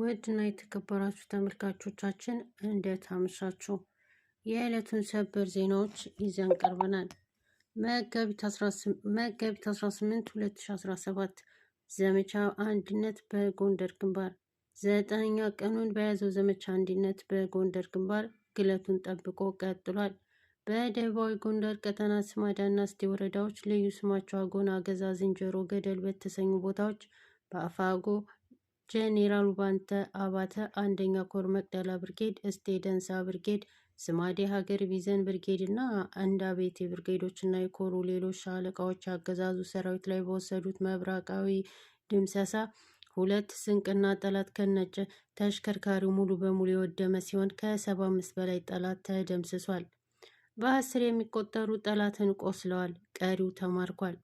ውድና የተከበራችሁ ተመልካቾቻችን እንዴት አመሻችሁ? የዕለቱን ሰበር ዜናዎች ይዘን ቀርበናል። መጋቢት 18 2017 ዘመቻ አንድነት በጎንደር ግንባር ዘጠነኛ ቀኑን በያዘው ዘመቻ አንድነት በጎንደር ግንባር ግለቱን ጠብቆ ቀጥሏል። በደቡባዊ ጎንደር ቀጠና ስማዳና እስቴ ወረዳዎች ልዩ ስማቸው አጎና አገዛ፣ ዝንጀሮ ገደል በተሰኙ ቦታዎች በአፋጎ ጄኔራል ባንተ አባተ አንደኛ ኮር መቅደላ ብርጌድ፣ እስቴ ደንሳ ብርጌድ፣ ስማዴ ሀገር ቢዘን ብርጌድ እና ቤቴ ብርጌዶች እና የኮሩ ሌሎች ሻለቃዎች አገዛዙ ሰራዊት ላይ በወሰዱት መብራቃዊ ድምሰሳ ሁለት ስንቅና ጠላት ከነጭ ተሽከርካሪው ሙሉ በሙሉ የወደመ ሲሆን ከሰባ አምስት በላይ ጠላት ተደምስሷል። በአስር የሚቆጠሩ ጠላትን ቆስለዋል። ቀሪው ተማርኳል።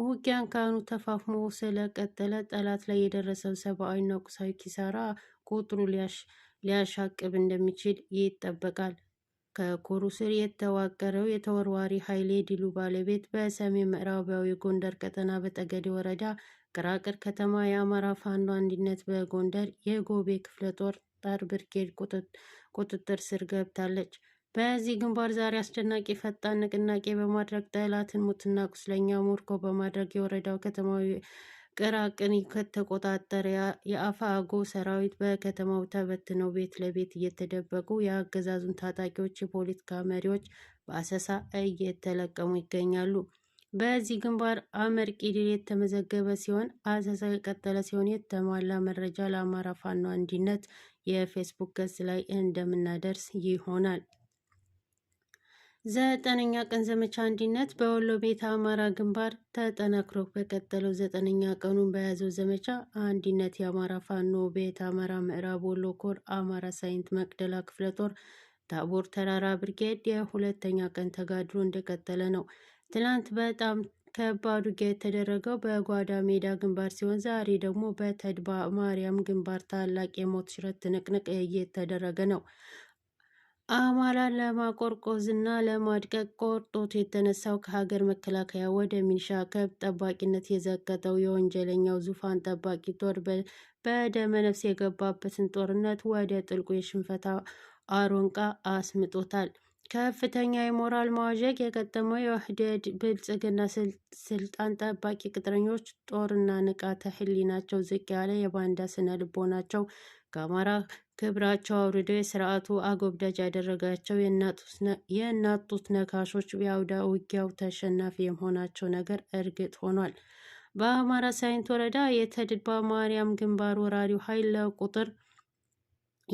ውጊያን ካህኑ ተፋፍሞ ስለቀጠለ ጠላት ላይ የደረሰው ሰብአዊና ቁሳዊ ኪሳራ ቁጥሩ ሊያሻቅብ እንደሚችል ይጠበቃል። ከኮሩ ስር የተዋቀረው የተወርዋሪ ኃይል የድሉ ባለቤት በሰሜን ምዕራባዊ የጎንደር ቀጠና በጠገዴ ወረዳ ቅራቅር ከተማ የአማራ ፋኖ አንድነት በጎንደር የጎቤ ክፍለ ጦር ጣር ብርጌድ ቁጥጥር ስር ገብታለች። በዚህ ግንባር ዛሬ አስደናቂ ፈጣን ንቅናቄ በማድረግ ጠላትን ሙትና ቁስለኛ ሙርኮ በማድረግ የወረዳው ከተማዊ ቅራቅን ከተቆጣጠረ የአፋጎ ሰራዊት በከተማው ተበትነው ቤት ለቤት እየተደበቁ የአገዛዙን ታጣቂዎች የፖለቲካ መሪዎች በአሰሳ እየተለቀሙ ይገኛሉ። በዚህ ግንባር አመርቂ ድል የተመዘገበ ሲሆን አሰሳ የቀጠለ ሲሆን የተሟላ መረጃ ለአማራ ፋኖ አንድነት የፌስቡክ ገጽ ላይ እንደምናደርስ ይሆናል። ዘጠነኛ ቀን ዘመቻ አንድነት በወሎ ቤተ አማራ ግንባር ተጠናክሮ በቀጠለው ዘጠነኛ ቀኑን በያዘው ዘመቻ አንድነት የአማራ ፋኖ ቤተ አማራ ምዕራብ ወሎ ኮር አማራ ሳይንት መቅደላ ክፍለ ጦር ታቦር ተራራ ብርጌድ የሁለተኛ ቀን ተጋድሮ እንደቀጠለ ነው። ትናንት በጣም ከባድ ውጊያ የተደረገው በጓዳ ሜዳ ግንባር ሲሆን ዛሬ ደግሞ በተድባ ማርያም ግንባር ታላቅ የሞት ሽረት ትንቅንቅ እየተደረገ ነው። አማራን ለማቆርቆዝና ለማድቀቅ ቆርጦት የተነሳው ከሀገር መከላከያ ወደ ሚኒሻ ከብት ጠባቂነት የዘቀጠው የወንጀለኛው ዙፋን ጠባቂ ጦር በደመነፍስ የገባበትን ጦርነት ወደ ጥልቁ የሽንፈታ አሮንቃ አስምጦታል። ከፍተኛ የሞራል መዋዠቅ የገጠመው የውህደድ ብልጽግና ስልጣን ጠባቂ ቅጥረኞች ጦርና ንቃተ ህሊናቸው ዝቅ ያለ የባንዳ ስነ ልቦናቸው ከአማራ ክብራቸው አውርደው የስርዓቱ አጎብዳጅ ያደረጋቸው የእናት ጡት ነካሾች የአውዳ ውጊያው ተሸናፊ የመሆናቸው ነገር እርግጥ ሆኗል። በአማራ ሳይንት ወረዳ የተድባ ማርያም ግንባር ወራሪው ኃይል ለቁጥር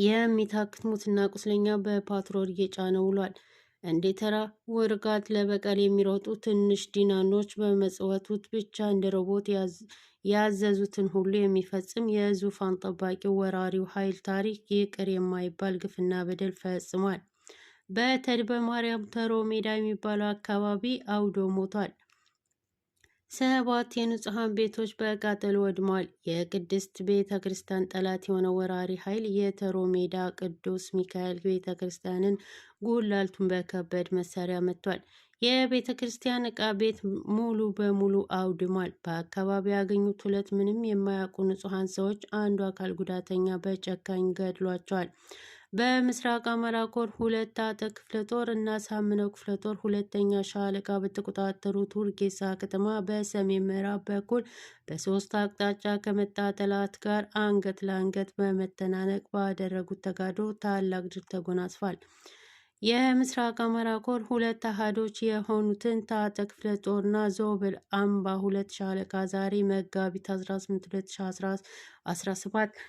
የሚታክት ሙትና ቁስለኛ በፓትሮል እየጫነ ውሏል። እንዴ ተራ ወርቃት ለበቀል የሚሮጡ ትንሽ ዲናኖች በመጽወቱት ብቻ እንደ ሮቦት ያዘዙትን ሁሉ የሚፈጽም የዙፋን ጠባቂ ወራሪው ኃይል ታሪክ ይቅር የማይባል ግፍና በደል ፈጽሟል። በተድበ ማርያም ተሮ ሜዳ የሚባለው አካባቢ አውዶ ሞቷል። ሰባት የንጹሐን ቤቶች በቃጠሎ ወድሟል። የቅድስት ቤተ ክርስቲያን ጠላት የሆነው ወራሪ ኃይል የተሮ ሜዳ ቅዱስ ሚካኤል ቤተ ክርስቲያንን ጉላልቱን በከበድ መሳሪያ መጥቷል። የቤተ ክርስቲያን ዕቃ ቤት ሙሉ በሙሉ አውድሟል። በአካባቢ ያገኙት ሁለት ምንም የማያውቁ ንጹሐን ሰዎች አንዱ አካል ጉዳተኛ በጨካኝ ገድሏቸዋል። በምስራቅ አማራ ኮር ሁለት አጠቅ ክፍለ ጦር እና ሳምነው ክፍለ ጦር ሁለተኛ ሻለቃ በተቆጣጠሩት ውርጌሳ ከተማ በሰሜን ምዕራብ በኩል በሶስት አቅጣጫ ከመጣ ጠላት ጋር አንገት ለአንገት በመተናነቅ ባደረጉት ተጋድሎ ታላቅ ድል ተጎናጽፏል። የምስራቅ አማራ ኮር ሁለት አሃዶች የሆኑትን ታጠ ክፍለ ጦርና ዞብል አምባ ሁለት ሻለቃ ዛሬ መጋቢት 18 2017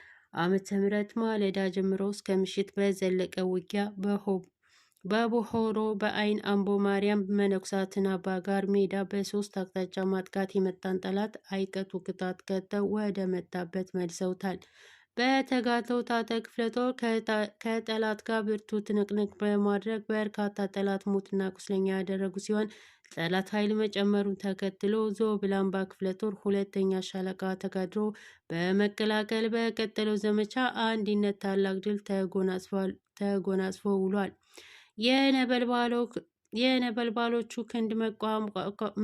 ዓመተ ምህረት ማለዳ ጀምሮ እስከ ምሽት በዘለቀ ውጊያ በሆብ በቦሆሮ በአይን አምቦ ማርያም መነኩሳትን አባ ጋር ሜዳ በሶስት አቅጣጫ ማጥቃት የመጣን ጠላት አይቀቱ ቅጣት ቀጥተው ወደ መጣበት መልሰውታል። በተጋተው ታጠቅ ክፍለ ጦር ከጠላት ጋር ብርቱ ትንቅንቅ በማድረግ በርካታ ጠላት ሞትና ቁስለኛ ያደረጉ ሲሆን ጠላት ኃይል መጨመሩን ተከትሎ ዞብላምባ ክፍለ ጦር ሁለተኛ ሻለቃ ተጋድሮ በመቀላቀል በቀጠለው ዘመቻ አንድነት ታላቅ ድል ተጎናጽፎ ውሏል። የነበልባሎቹ ክንድ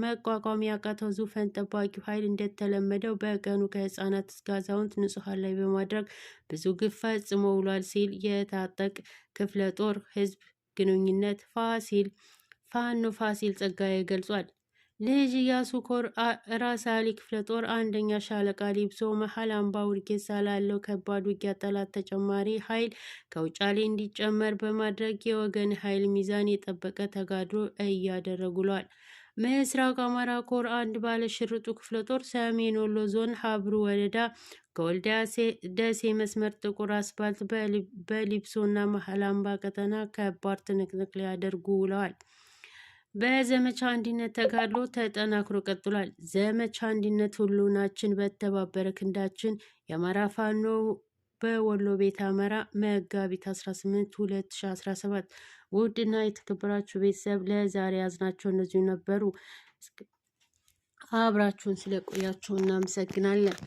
መቋቋም ያቃተው ዙፈን ጠባቂው ኃይል እንደተለመደው በቀኑ ከህፃናት እስከ አዛውንት ንጹሐን ላይ በማድረግ ብዙ ግፍ ፈጽሞ ውሏል ሲል የታጠቅ ክፍለ ጦር ህዝብ ግንኙነት ፋሲል ፋኖ ፋሲል ጸጋዬ ገልጿል። ልጅ ኢያሱ ኮር ራስ አሊ ክፍለ ጦር አንደኛ ሻለቃ ሊብሶ መሀል አምባ ውርጌሳ ላለው ከባድ ውጊያ ጠላት ተጨማሪ ኃይል ከውጫሌ እንዲጨመር በማድረግ የወገን ኃይል ሚዛን የጠበቀ ተጋድሮ እያደረጉ ሏል። ምስራቅ አማራ ኮር አንድ ባለሽርጡ ክፍለ ጦር ሰሜን ወሎ ዞን ሀብሩ ወረዳ ከወልዲያ ደሴ መስመር ጥቁር አስፋልት በሊብሶና መሀል አምባ ቀጠና ከባድ ትንቅንቅ ሊያደርጉ ውለዋል። በዘመቻ አንድነት ተጋድሎ ተጠናክሮ ቀጥሏል። ዘመቻ አንድነት ሁሉናችን በተባበረ ክንዳችን የአማራ ፋኖ በወሎ ቤት አማራ መጋቢት 18 2017። ውድና የተከበራችሁ ቤተሰብ ለዛሬ ያዝናቸው እነዚሁ ነበሩ። አብራችሁን ስለቆያችሁ እናመሰግናለን።